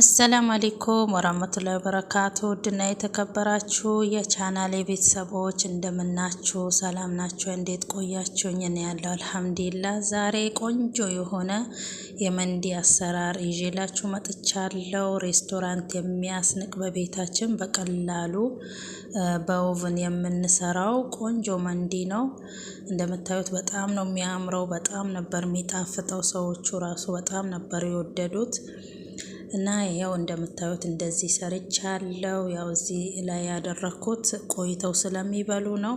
አሰላሙ አሌይኩም ወራህመቱላሂ ወበረካቱ። ውድና የተከበራችሁ የቻናሌ ቤተሰቦች እንደምናችሁ፣ ሰላም ናችሁ? እንዴት ቆያችሁኝ? እኔ ያለው አልሐምዱሊላ። ዛሬ ቆንጆ የሆነ የመንዲ አሰራር ይዤላችሁ መጥቻለሁ። ሬስቶራንት የሚያስንቅ በቤታችን በቀላሉ በውቭን የምንሰራው ቆንጆ መንዲ ነው። እንደምታዩት በጣም ነው የሚያምረው። በጣም ነበር የሚጣፍጠው። ሰዎቹ ራሱ በጣም ነበር የወደዱት። እና ያው እንደምታዩት እንደዚህ ሰርቻለሁ። ያው እዚህ ላይ ያደረኩት ቆይተው ስለሚበሉ ነው።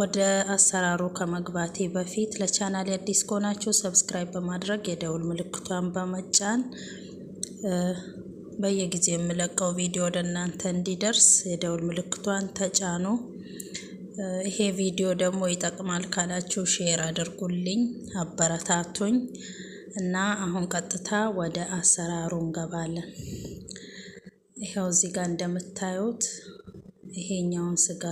ወደ አሰራሩ ከመግባቴ በፊት ለቻናል አዲስ ከሆናችሁ ሰብስክራይብ በማድረግ የደውል ምልክቷን በመጫን በየጊዜ የምለቀው ቪዲዮ ወደ እናንተ እንዲደርስ የደውል ምልክቷን ተጫኑ። ይሄ ቪዲዮ ደግሞ ይጠቅማል ካላችሁ ሼር አድርጉልኝ፣ አበረታቱኝ። እና አሁን ቀጥታ ወደ አሰራሩ እንገባለን። ይኸው እዚህ ጋር እንደምታዩት ይሄኛውን ስጋ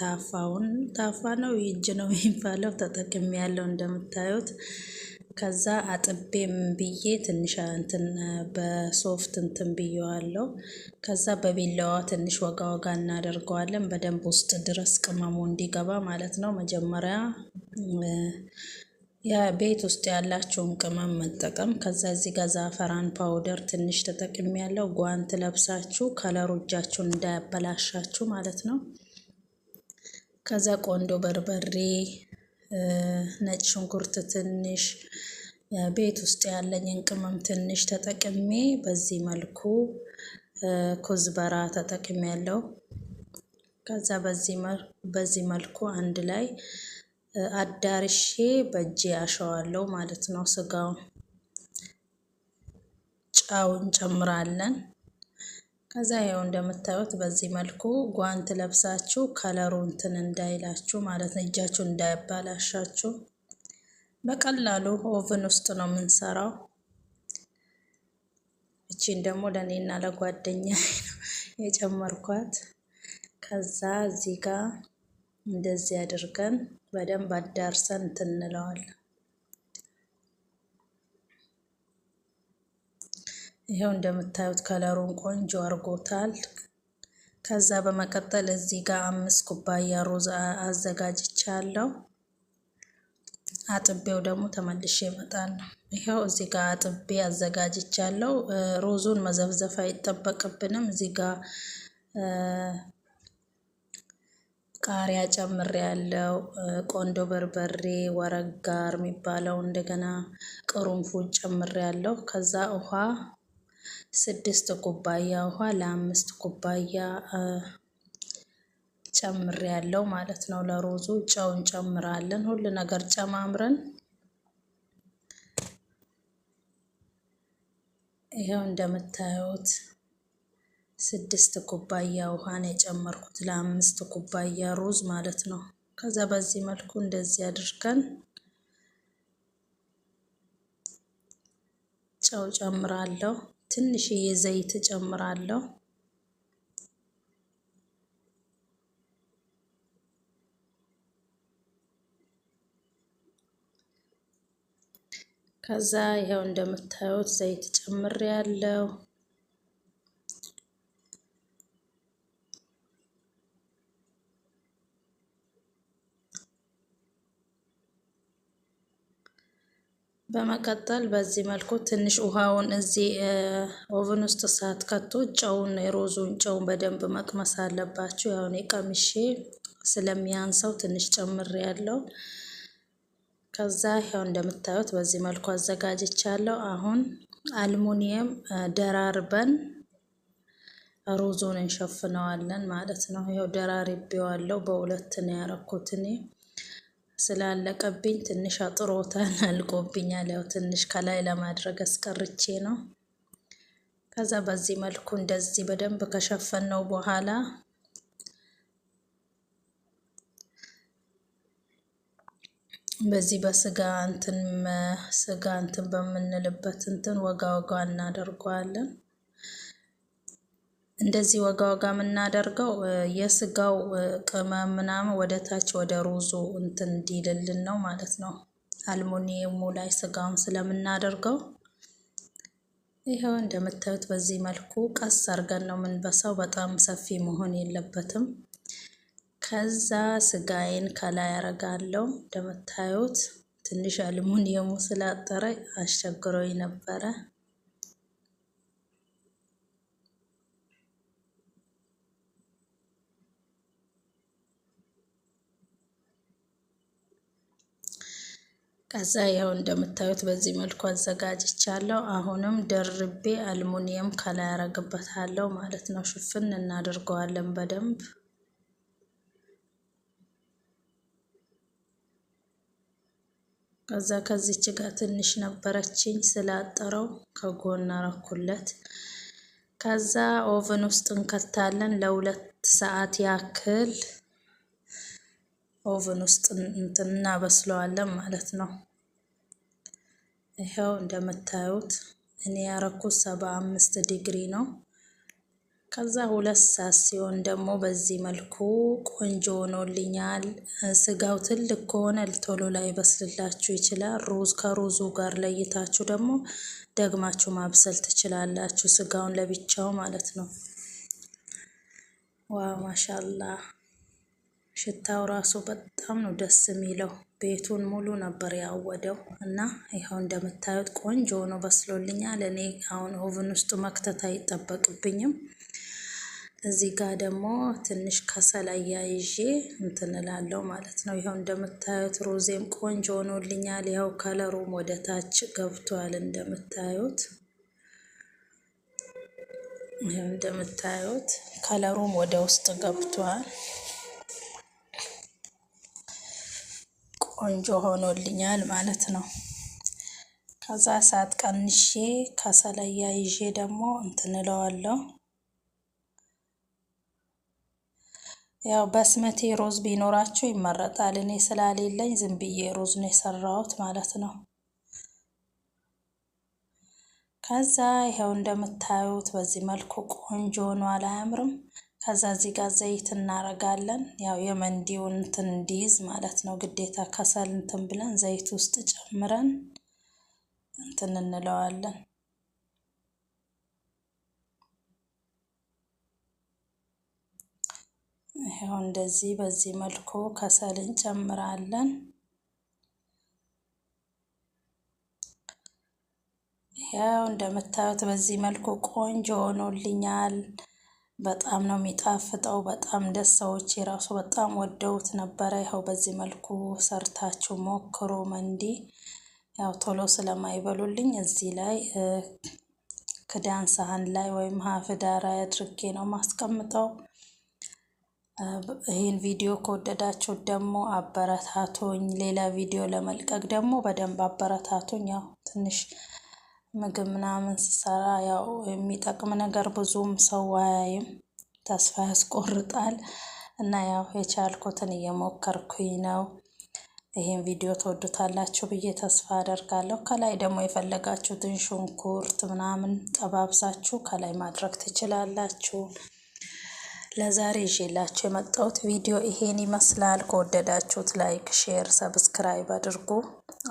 ታፋውን ታፋ ነው ይጅ ነው የሚባለው ተጠቅሜ ያለው እንደምታዩት ከዛ አጥቤም ብዬ ትንሽ እንትን በሶፍት እንትን ብየዋለው። ከዛ በቢላዋ ትንሽ ወጋ ወጋ እናደርገዋለን በደንብ ውስጥ ድረስ ቅመሙ እንዲገባ ማለት ነው። መጀመሪያ የቤት ውስጥ ያላቸውን ቅመም መጠቀም። ከዛ እዚህ ጋር ዛፈራን ፓውደር ትንሽ ተጠቅሜ ያለው ጓንት ለብሳችሁ ከለሩ እጃችሁን እንዳያበላሻችሁ ማለት ነው። ከዛ ቆንዶ በርበሬ፣ ነጭ ሽንኩርት ትንሽ ቤት ውስጥ ያለኝን ቅመም ትንሽ ተጠቅሜ በዚህ መልኩ ኩዝበራ ተጠቅሜ ያለው ከዛ በዚህ መልኩ አንድ ላይ አዳርሼ በእጄ አሸዋለሁ ማለት ነው። ስጋውን ጫው እንጨምራለን። ከዛ ያው እንደምታዩት በዚህ መልኩ ጓንት ለብሳችሁ ከለሩ እንትን እንዳይላችሁ ማለት ነው። እጃችሁ እንዳያባላሻችሁ በቀላሉ ኦቭን ውስጥ ነው የምንሰራው። እቺን ደግሞ ለእኔና ለጓደኛ የጨመርኳት ከዛ እዚህ ጋር እንደዚህ አድርገን በደንብ አዳርሰን እንትንለዋል። ይኸው እንደምታዩት ከለሩን ቆንጆ አርጎታል። ከዛ በመቀጠል እዚህ ጋር አምስት ኩባያ ሩዝ አዘጋጅቻለሁ። አጥቤው ደግሞ ተመልሼ እመጣለሁ። ይኸው እዚህ ጋር አጥቤ አዘጋጅቻለሁ። ሩዙን መዘፍዘፍ አይጠበቅብንም እዚህ ጋር ቃሪያ ጨምር ያለው ቆንዶ በርበሬ ወረጋር የሚባለው እንደገና ቅርንፉድ ጨምሬ ያለው። ከዛ ውሃ ስድስት ኩባያ ውሃ ለአምስት ኩባያ ጨምር ያለው ማለት ነው። ለሮዙ ጨው እንጨምራለን። ሁሉ ነገር ጨማምረን ይኸው እንደምታዩት ስድስት ኩባያ ውሃን የጨመርኩት ለአምስት ኩባያ ሩዝ ማለት ነው። ከዛ በዚህ መልኩ እንደዚህ አድርገን ጨው ጨምራለሁ። ትንሽዬ ዘይት ጨምራለሁ። ከዛ ይኸው እንደምታዩት ዘይት ጨምሬ ያለው በመቀጠል በዚህ መልኩ ትንሽ ውሃውን እዚህ ኦቨን ውስጥ ሳትከቱ ጨውን የሮዙን ጨውን በደንብ መቅመስ አለባችሁ። ያሁን እኔ ቀምሼ ስለሚያንሰው ትንሽ ጨምር ያለው ከዛ ያው እንደምታዩት በዚህ መልኩ አዘጋጅቻለሁ። አሁን አልሙኒየም ደራርበን ሮዙን እንሸፍነዋለን ማለት ነው። ያው ደራርቤዋለሁ በሁለት ነው ያረኩት እኔ ስላለቀብኝ ትንሽ አጥሮታን አልቆብኛል። ያው ትንሽ ከላይ ለማድረግ አስቀርቼ ነው። ከዛ በዚህ መልኩ እንደዚህ በደንብ ከሸፈነው በኋላ በዚህ በስጋ እንትን ስጋ እንትን በምንልበት እንትን ወጋ ወጋ እናደርገዋለን። እንደዚህ ወጋ ወጋ የምናደርገው የስጋው ቅመም ምናምን ወደ ታች ወደ ሩዙ እንትን እንዲልልን ነው ማለት ነው። አልሙኒየሙ ላይ ስጋውን ስለምናደርገው ይኸው እንደምታዩት በዚህ መልኩ ቀስ አድርገን ነው የምንበሳው። በጣም ሰፊ መሆን የለበትም። ከዛ ስጋዬን ከላይ አረጋለሁ። እንደምታዩት ትንሽ አልሙኒየሙ ስላጠረ አስቸግሮኝ ነበረ። ከዛ ይኸው እንደምታዩት በዚህ መልኩ አዘጋጅቻለሁ። አሁንም ደርቤ አልሙኒየም ከላይ አረግበታለሁ ማለት ነው። ሽፍን እናደርገዋለን በደንብ ከዛ ከዚች ጋር ትንሽ ነበረችኝ ስላጠረው ከጎን አረኩለት። ከዛ ኦቨን ውስጥ እንከታለን ለሁለት ሰዓት ያክል ኦቨን ውስጥ እንትን እናበስለዋለን ማለት ነው። ይኸው እንደምታዩት እኔ ያረኩት ሰባ አምስት ዲግሪ ነው። ከዛ ሁለት ሰዓት ሲሆን ደግሞ በዚህ መልኩ ቆንጆ ሆኖልኛል። ስጋው ትልቅ ከሆነ ቶሎ ላይ በስልላችሁ ይችላል። ሩዝ ከሩዙ ጋር ለይታችሁ ደግሞ ደግማችሁ ማብሰል ትችላላችሁ። ስጋውን ለብቻው ማለት ነው። ዋ ማሻላ ሽታው ራሱ በጣም ነው ደስ የሚለው። ቤቱን ሙሉ ነበር ያወደው እና ይኸው እንደምታዩት ቆንጆ ሆኖ በስሎልኛል። እኔ አሁን ኦቨን ውስጡ መክተት አይጠበቅብኝም። እዚህ ጋር ደግሞ ትንሽ ከሰል አያይዤ እንትንላለው ማለት ነው። ይኸው እንደምታዩት ሮዜም ቆንጆ ሆኖልኛል። ይኸው ከለሩም ወደ ታች ገብቷል እንደምታዩት ይኸው እንደምታዩት ከለሩም ወደ ውስጥ ገብቷል። ቆንጆ ሆኖልኛል ማለት ነው። ከዛ ሰዓት ቀንሼ ከሰለያ ይዤ ደግሞ እንትንለዋለሁ። ያው በስመቴ ሮዝ ቢኖራችሁ ይመረጣል። እኔ ስላሌለኝ ዝም ብዬ ሩዝ ነው የሰራሁት ማለት ነው። ከዛ ይኸው እንደምታዩት በዚህ መልኩ ቆንጆ ሆኗል። አያምርም? ከዛ እዚህ ጋር ዘይት እናረጋለን። ያው የመንዲውን እንትን እንዲይዝ ማለት ነው ግዴታ ከሰል እንትን ብለን ዘይት ውስጥ ጨምረን እንትን እንለዋለን። ይኸው እንደዚህ በዚህ መልኩ ከሰል እንጨምራለን። ያው እንደምታዩት በዚህ መልኩ ቆንጆ ሆኖልኛል። በጣም ነው የሚጣፍጠው። በጣም ደስ ሰዎች የራሱ በጣም ወደውት ነበረ። ይኸው በዚህ መልኩ ሰርታችሁ ሞክሮ መንዲ ያው ቶሎ ስለማይበሉልኝ እዚህ ላይ ክዳን ሳህን ላይ ወይም ሀፍዳራ አድርጌ ነው ማስቀምጠው። ይህን ቪዲዮ ከወደዳችሁ ደግሞ አበረታቶኝ ሌላ ቪዲዮ ለመልቀቅ ደግሞ በደንብ አበረታቶኝ። ያው ትንሽ ምግብ ምናምን ስሰራ ያው የሚጠቅም ነገር ብዙም ሰው አያይም፣ ተስፋ ያስቆርጣል እና ያው የቻልኩትን እየሞከርኩኝ ነው። ይህን ቪዲዮ ተወዱታላችሁ ብዬ ተስፋ አደርጋለሁ። ከላይ ደግሞ የፈለጋችሁትን ሽንኩርት ምናምን ጠባብሳችሁ ከላይ ማድረግ ትችላላችሁ። ለዛሬ ይዤላችሁ የመጣሁት ቪዲዮ ይሄን ይመስላል። ከወደዳችሁት ላይክ፣ ሼር፣ ሰብስክራይብ አድርጉ።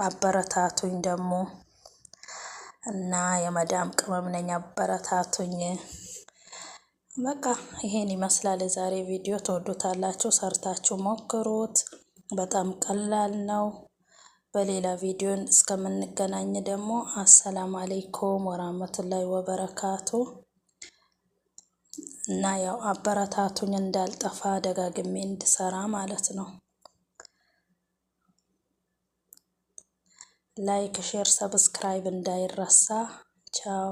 አበረታቱኝ ደግሞ እና የመዳም ቅመም ነኝ፣ አበረታቱኝ። በቃ ይሄን ይመስላል የዛሬ ቪዲዮ። ትወዱታላችሁ፣ ሰርታችሁ ሞክሩት። በጣም ቀላል ነው። በሌላ ቪዲዮን እስከምንገናኝ ደግሞ አሰላም አሌይኩም ወራህመቱላሂ ወበረካቱ። እና ያው አበረታቱኝ እንዳልጠፋ ደጋግሜ እንድሰራ ማለት ነው። ላይክ፣ ሼር፣ ሰብስክራይብ እንዳይረሳ። ቻው